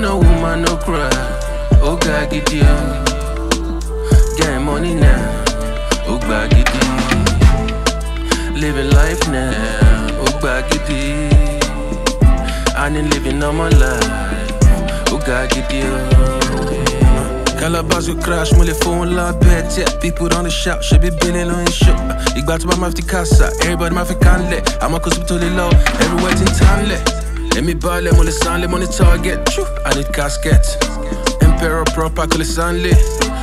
no woman, no cry. Oh, God, get you. Get money now. Oh, God, get you. Living life now. Oh, God, get you. I ain't living no more life. Oh, God, get you. Calabazo crash, my phone la bed Yeah, people on the shop, should be billing on the shop Ik baat op mijn kassa, everybody my fi can't let I'm a cause to the low. everywhere in town let let me buy them on the sun, them on the target. I need casket. Emperor proper, call it sunlit.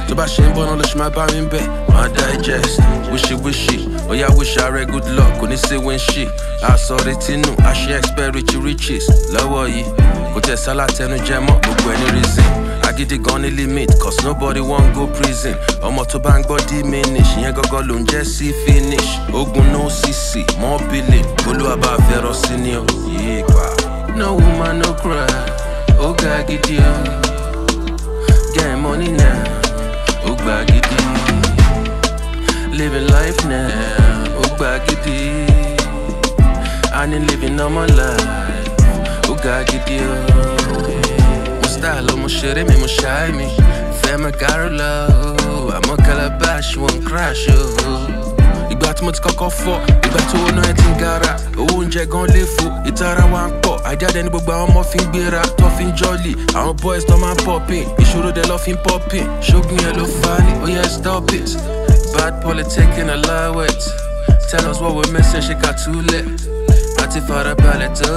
tó buy ṣe ń bọ́ náà my ṣe máa My digest. Wishy wishy. Oh yeah, wish I had good luck When kò ní sí wíńṣì you. retí I àṣẹ expect rich riches lọ́wọ́ yìí kò tẹ̀ sálà tẹnu when mọ́ gbogbo ẹni reason agídí the gun limit cause nobody wan go prison ọmọ tó bank, ń diminish ìyẹn ain't got ń jẹ́ sí finish ogun no cc More billing olúwa bá fẹ́ràn no woman, no cry. Oh, God, get you. Get money now. Oh, God, get you. Living life now. Oh, God, get you. I ain't living no more life. Oh, God, get you. My style, I'm me, my shy me. Femme, I got love. I'm a calabash, not crash, oh tí kọ́kọ́ fọ́ ìgbà tó ná ẹ ti ń gara owó oúnjẹ gan lè fò ìtara wa ń pọ̀ àjáde ní gbogbo àwọn ọmọ fi ń gbéra tó fi ń jọ́lì àwọn boys tó máa ń pọ̀pìn ìṣòro dẹ̀ lọ́ fi ń pọ̀pìn ṣógun yẹn ló fa ni ó yẹ stop it bad politics in a lie wet tell us what we're missing ṣe ká túlẹ̀ àti farabalẹ̀ tó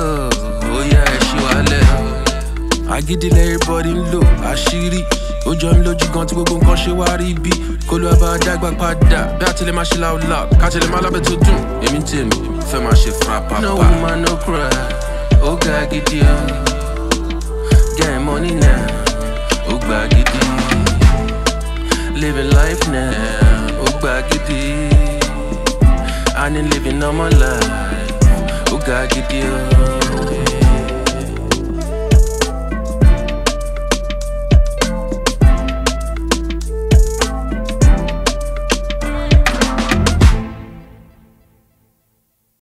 ó yẹ ẹ̀ ṣí wàhálẹ̀ agídí lẹ́yìn bọ́dí ń lò àṣírí. ó jọ ń lójú gan tí gbogbo nǹkan ṣe wá rí bí kó ló bá dágbà padà bí a tilẹ̀ máa ṣe láòlà ká tilẹ̀ máa lábẹ́ tó dùn èmi ń tèmi fẹ́ máa ṣe frapapa. no woman no cry ó ga gidi o get money now ó gba gidi living life now ó gba gidi i need living normal life ó ga gidi o.